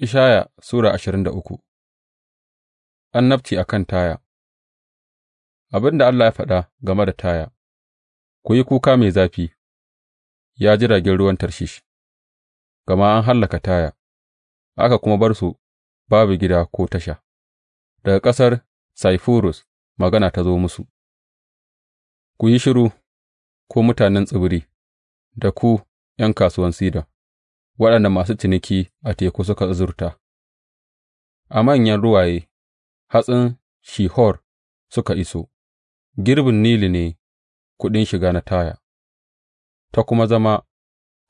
Ishaya Sura ashirin da uku An nafci a kan Taya Abin da Allah ya faɗa game da Taya, ku yi kuka mai zafi, ya jiragen ruwan Tarshish, gama an hallaka Taya, aka kuma bar su babu gida ko tasha, daga ƙasar Saifurus magana ta zo musu, ku yi shiru, ko mutanen tsibiri, da ku ’yan kasuwan Sidon. waɗanda masu ciniki a teku suka azurta, a manyan ruwaye, hatsin Shihor suka iso, girbin Nili ne kuɗin shiga na Taya, ta kuma zama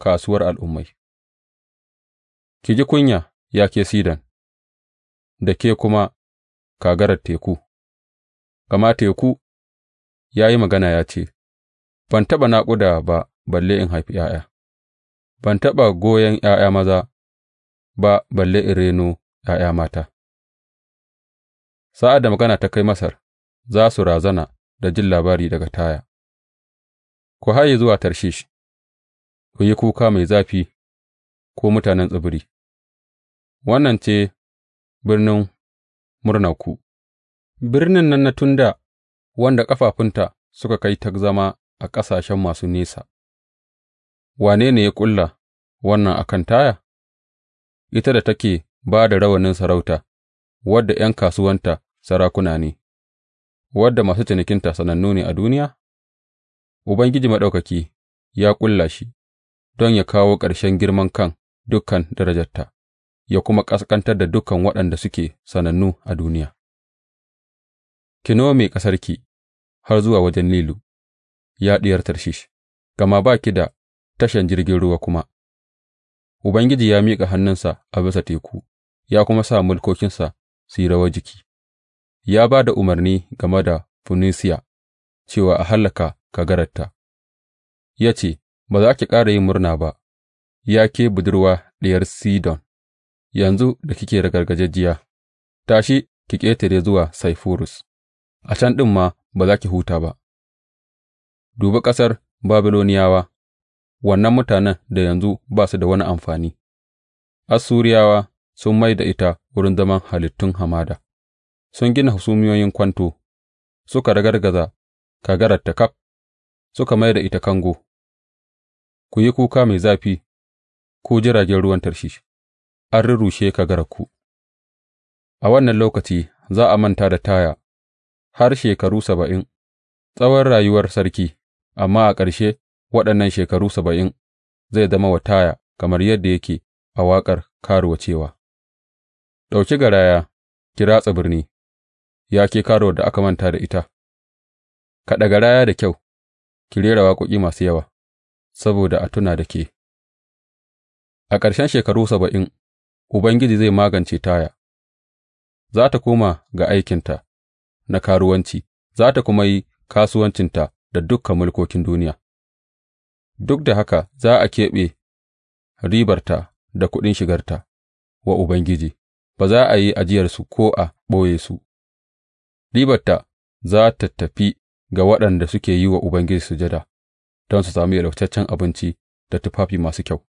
kasuwar al'ummai. Ki ji kunya, ya ke sidan. da ke kuma kagarar teku, gama teku ya yi magana ya ce, Ban taɓa naƙuda ba balle in haifi ’ya'ya. Ban taɓa goyon ’ya'ya maza ba balle in reno ’ya'ya mata; sa'ad da magana ta kai Masar, za su razana da jin labari daga Taya, Ku haye zuwa Tarshish, ku yi kuka mai zafi, ko mutanen tsibiri; wannan ce birnin murnarku, birnin nan na tun dā, wanda ƙafafunta suka kai ta zama a ƙasashen masu nesa. Wane ne ya ƙulla wannan a kan Taya, ita da take ba da rawanin sarauta, wadda ’yan kasuwanta sarakuna ne, wadda masu cinikinta sanannu ne a duniya? Ubangiji Maɗaukaki ya ƙulla shi don ya kawo ƙarshen girman kan dukan darajarta, ya kuma ƙasƙantar da dukan waɗanda suke sanannu a duniya. Ki nome ƙasarki har zuwa wajen Nilu, ya Diyar Tarshish, gama ba ki da tashan jirgin ruwa kuma, Ubangiji ya miƙa hannunsa a bisa teku, ya kuma sa mulkokinsa su yi rawar jiki, ya ba da umarni game da Funisiya cewa a hallaka kagararta, ya ce, Ba za ki ƙara yin murna ba, ya ke budurwa ɗiyar Sidon, yanzu da kike ragargajejjiya, tashi ki ƙetare zuwa Saifurus, a can ɗin ma ba za ki huta ba. Duba ƙasar Babiloniyawa wannan mutanen da yanzu ba su da wani amfani, Assuriyawa sun mai da ita wurin zaman halittun hamada, sun gina husumiyoyin kwanto, suka ragargaza ta kaf, suka mai da ita kango, ku yi kuka mai zafi, ku jiragen ruwan Tarshish, an rurrushe kagararku. A wannan lokaci za a manta da Taya har shekaru saba'in, tsawon rayuwar sarki, amma a ƙarshe waɗannan shekaru saba'in zai zama wa Taya kamar yadda yake a waƙar karuwa cewa, Ɗauki garaya, ki ratsa birni, ya ke karuwar da aka manta da ita, kaɗa garaya da kyau, ki rera waƙoƙi masu yawa, saboda a tuna da ke. A ƙarshen shekaru saba'in, Ubangiji zai magance Taya, za ta koma ga aikinta na karuwanci, za ta kuma yi kasuwancinta da dukan mulkokin duniya. duk da haka za a keɓe ribarta da kuɗin shigarta wa Ubangiji, ba za a yi ajiyarsu ko a ɓoye su, ribarta za ta tafi ga waɗanda suke yi wa Ubangiji sujada don su sami yalwataccen abinci da tufafi masu kyau.